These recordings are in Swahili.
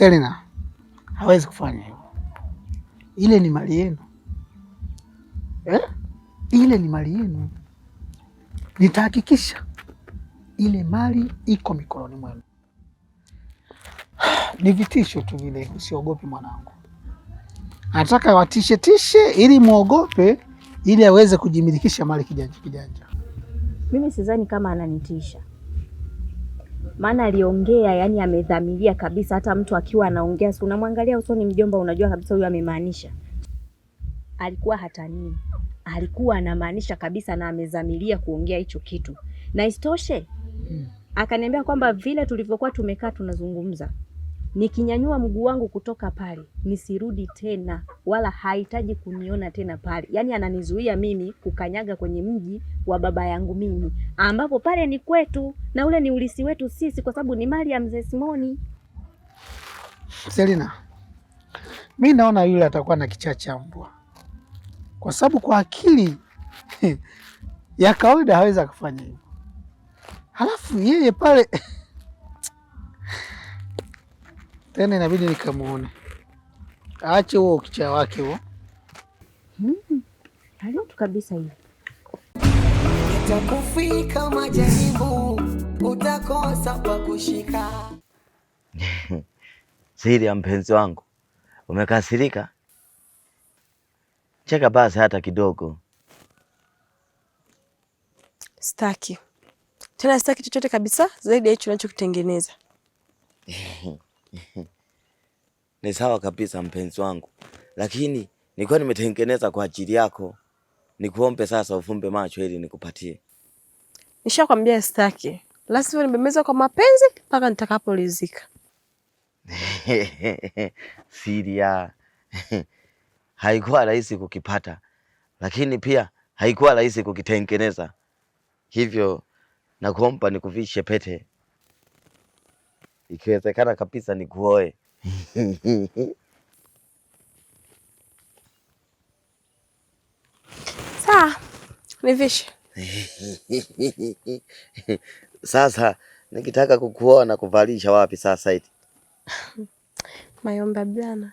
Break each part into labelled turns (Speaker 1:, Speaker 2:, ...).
Speaker 1: Selina hawezi kufanya hivyo, ile ni mali yenu eh? Ile ni mali yenu, nitahakikisha ile mali iko mikononi mwenu. Ni vitisho tu vile, usiogope mwanangu. Nataka watishe tishe ili muogope, ili aweze kujimilikisha mali kijanja kijanja.
Speaker 2: Mimi sidhani kama ananitisha maana aliongea yani amedhamiria kabisa. Hata mtu akiwa anaongea, si unamwangalia usoni mjomba, unajua kabisa huyu amemaanisha. Alikuwa hatanii, alikuwa anamaanisha kabisa na amedhamiria kuongea hicho kitu, na isitoshe hmm. Akaniambia kwamba vile tulivyokuwa tumekaa tunazungumza nikinyanyua mguu wangu kutoka pale nisirudi tena, wala hahitaji kuniona tena pale. Yaani ananizuia mimi kukanyaga kwenye mji wa baba yangu mimi, ambapo pale ni kwetu na ule ni ulisi wetu sisi, kwa sababu ni mali ya mzee Simoni.
Speaker 1: Selina, mi naona yule atakuwa na kichaa cha mbwa, kwa sababu kwa akili ya kawaida hawezi akafanya hivyo, halafu yeye pale tena inabidi nikamuone, aache huo ukicha wake huo.
Speaker 2: Hmm. Halotu kabisa hiyo itakufika majaribu,
Speaker 3: utakosa pa kushika. Siri ya mpenzi wangu, umekasirika? Cheka basi hata kidogo.
Speaker 4: Staki tena, staki chochote kabisa zaidi ya hicho unachokutengeneza.
Speaker 3: Ni sawa kabisa mpenzi wangu, lakini nilikuwa nimetengeneza kwa ajili yako. Nikuombe sasa ufumbe macho ili nikupatie.
Speaker 4: Nishakwambia sitaki, lazima sivyo kwa mapenzi mpaka nitakaporidhika.
Speaker 3: Siria haikuwa rahisi kukipata, lakini pia haikuwa rahisi kukitengeneza, hivyo nakuomba nikuvishe pete ikiwezekana kabisa nikuoe.
Speaker 4: Sawa, nivishe.
Speaker 3: Sasa nikitaka kukuoa na kuvalisha wapi sasa eti?
Speaker 4: Mayomba bwana.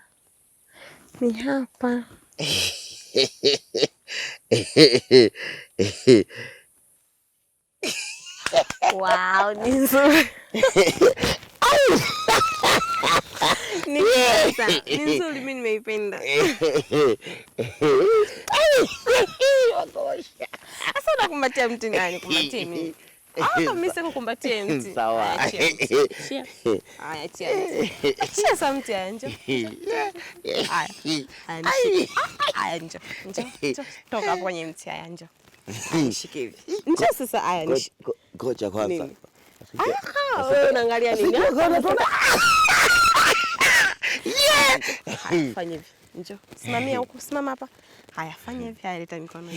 Speaker 4: Ni hapa. Wow, ni nzuri. Ni nzuri, mimi nimeipenda. Sasa unakumbatia mti nani? Kumbatie mimi. Mimi sikukumbatie mti. Sawa. Haya, tia. Tia sasa mti anjo. Haya. Haya anjo. Toka kwenye mti haya anjo. Shike hivi. Njoo sasa haya.
Speaker 3: Ngoja kwanza.
Speaker 4: Ah! unaangalia nini? simamia huku, simama hapa. Haya, fanya hivi. Haya, leta mikono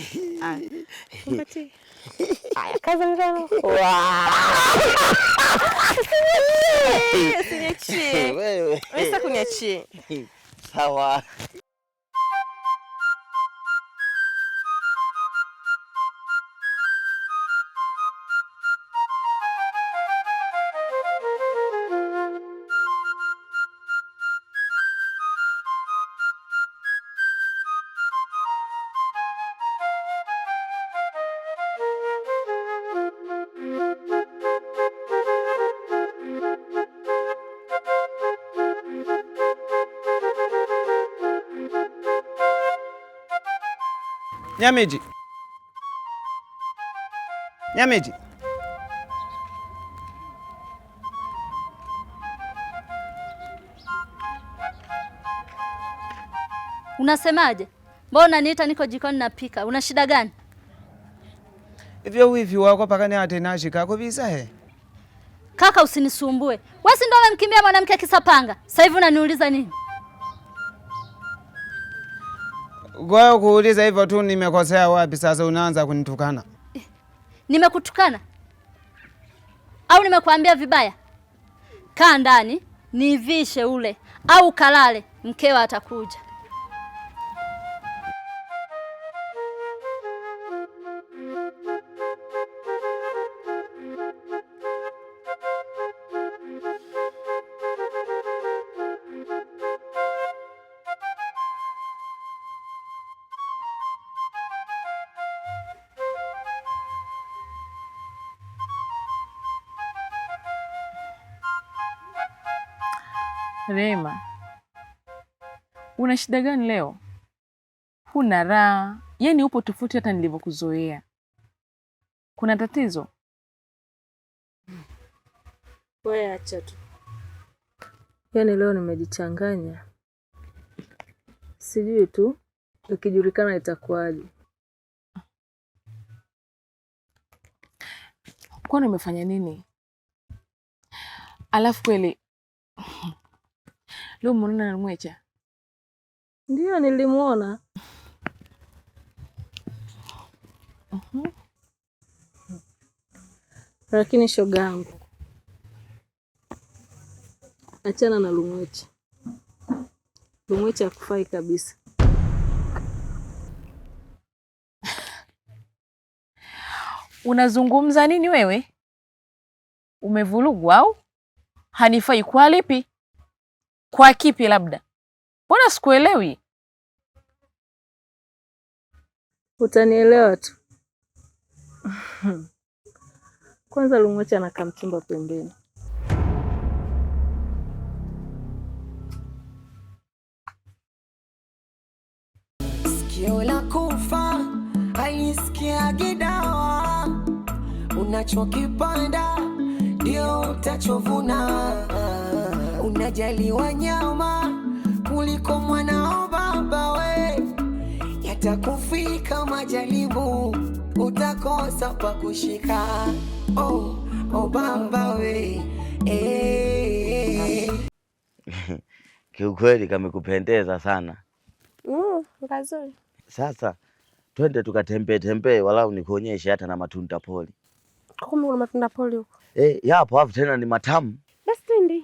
Speaker 4: Haya, kaza mikono. Usiniachie, usiniachie, kuniachie.
Speaker 3: Sawa.
Speaker 5: nyamiji nyamiji
Speaker 6: Unasemaje? Mbona niita niko jikoni napika? Una shida gani?
Speaker 5: Hivyo wivi wako pakani kako visa he?
Speaker 6: Kaka usinisumbue. Wewe si ndio umemkimbia mwanamke kisapanga. Sasa hivi unaniuliza nini?
Speaker 5: Ngoja kuuliza hivyo tu, nimekosea wapi? Sasa unaanza kunitukana.
Speaker 6: Nimekutukana au nimekuambia vibaya? Kaa ndani nivishe ule au kalale, mkewa atakuja.
Speaker 7: Rema, una shida gani leo? Huna raha, yaani upo tofauti hata nilivyokuzoea. Kuna tatizo?
Speaker 8: Wewe acha tu, yaani leo nimejichanganya, sijui tu ikijulikana itakuwaje.
Speaker 7: Kwani umefanya nini?
Speaker 4: Alafu kweli Leo umeonana na Mwecha?
Speaker 8: ndio nilimwona. uh mhm. -huh. Lakini shoga yangu, achana na Lumwecha. Lumwecha akufai kabisa.
Speaker 7: Unazungumza nini wewe? Umevurugwa au? Hanifai kwa lipi? Kwa kipi labda? Mbona sikuelewi?
Speaker 8: Utanielewa tu. Kwanza Lung'ocha na Kamchumba pembeni. Sikio la kufa halisikiagi dawa, unachokipanda ndio utachovuna
Speaker 3: unajali wanyama kuliko mwanao baba we, yatakufika majaribu utakosa pa kushika. Oh, oh baba we eh. Kiukweli kamekupendeza sana mm, Sasa twende tukatembee tembee, walau nikuonyeshe hata na matunda poli.
Speaker 4: Kumbe kuna matunda poli huko
Speaker 3: eh? Yapo, hapo tena ni matamu.
Speaker 4: Basi twende.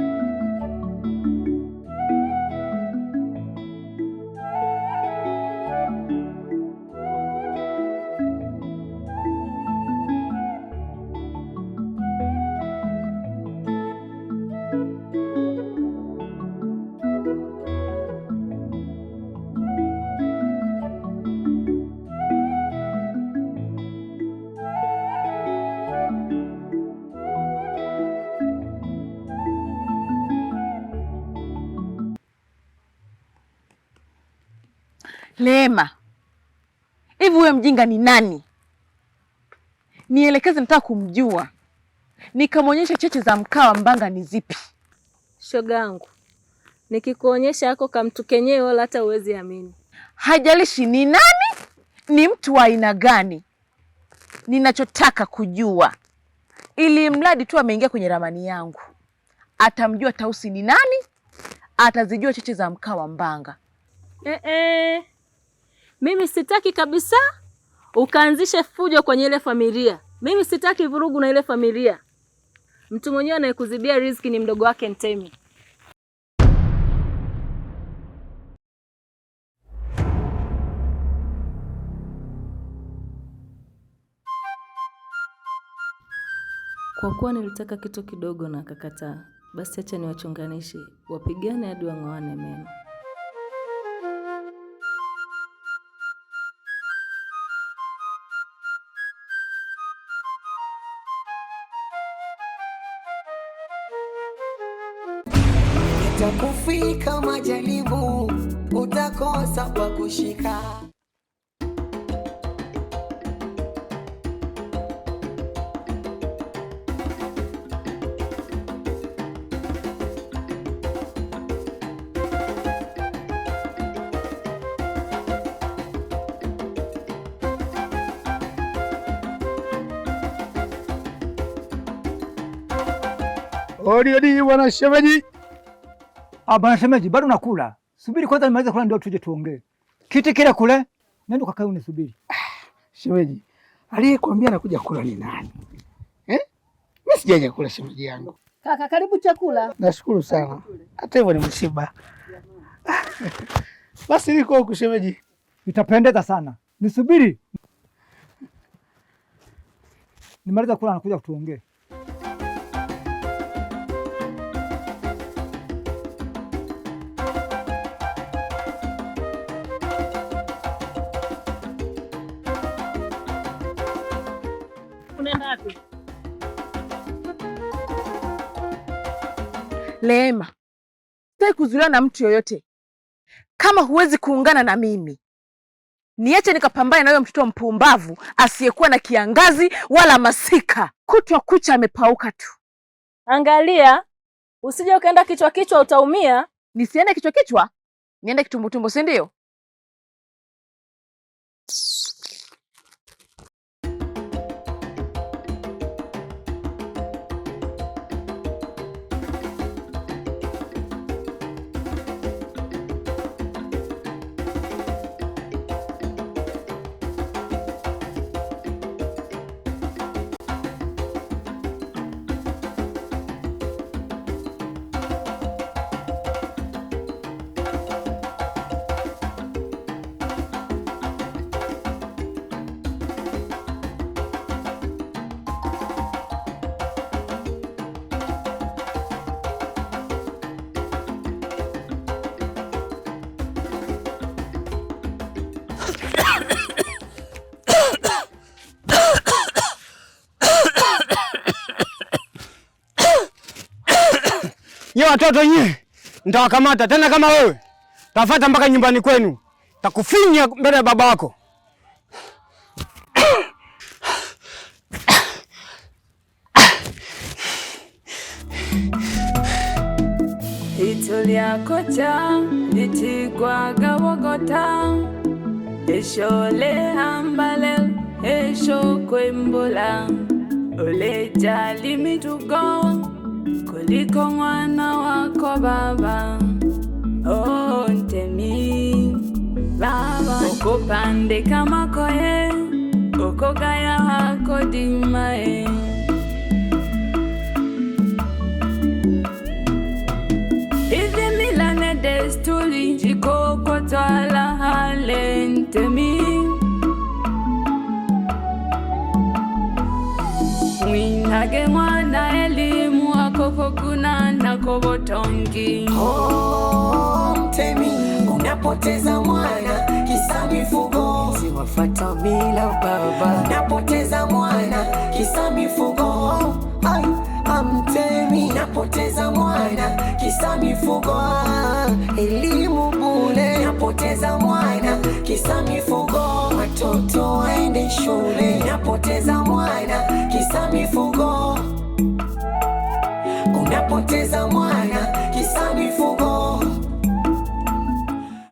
Speaker 7: Neema, hivi huyo mjinga ni nani? Nielekeze, nataka kumjua, nikamwonyesha cheche za mkaa wa Mbanga ni zipi.
Speaker 8: Shoga yangu, nikikuonyesha yako kamtukenyee wala hata uwezi amini.
Speaker 7: Hajalishi ni nani, ni mtu wa aina gani, ninachotaka kujua, ili mradi tu ameingia kwenye ramani yangu, atamjua Tausi ni nani, atazijua cheche za mkaa wa Mbanga.
Speaker 4: Eh, eh. Mimi sitaki kabisa ukaanzishe fujo kwenye ile familia. Mimi sitaki vurugu na ile familia. Mtu mwenyewe anayekuzibia riziki ni mdogo wake Ntemi.
Speaker 9: Kwa kuwa nilitaka kitu kidogo na akakataa, basi acha niwachonganishe, wapigane hadi wang'oane meno. Ukufika majaribu utakosa pa kushika.
Speaker 10: Odi odi, bwana shemeji.
Speaker 11: Ah, bwana shemeji, bado nakula. Subiri kwanza nimalize kula ndio tuje tuongee. Kiti kile kule, nenda ukakae unisubiri. Ah,
Speaker 10: shemeji, aliyekwambia nakuja kula ni nani? Eh? Mimi sijaje kula shemeji yangu.
Speaker 4: Kaka, karibu chakula.
Speaker 10: Nashukuru sana. Hata hivyo ni msiba. Ah, basi niko huku shemeji.
Speaker 11: Itapendeza sana. Nisubiri. Nimaliza kula anakuja tuongee.
Speaker 7: unaenda wapi? Leema, sitaki kuzuliwa na mtu yoyote. Kama huwezi kuungana na mimi, niache nikapambane na huyo mtoto mpumbavu asiyekuwa na kiangazi wala masika, kutwa kucha amepauka tu.
Speaker 4: Angalia usije ukaenda kichwa kichwa, utaumia.
Speaker 7: Nisiende kichwa kichwa, niende kitumbutumbu si ndio?
Speaker 12: watoto nyie nitawakamata tena, kama wewe tafata mpaka nyumbani kwenu, takufinya mbele ya baba wako.
Speaker 13: itulia kocha itulyakoca litigwaga wogota esholehambale eshokwembula oleja limitugo kuliko mwana wako baba. Oh, Ntemi baba, okupandika makoye okogaya hako dimae izi mila na desturi jikokotwala hale Ntemi mwinage Kobotongi. Oh, mtemi unapoteza mwana kisa mifugo, siwafata bila baba, unapoteza mwana kisa mifugo. Ay, amtemi unapoteza mwana kisa mifugo, elimu bule, unapoteza mwana kisa mifugo, watoto waende shule, unapoteza mwana kisa mifugo kupoteza mwana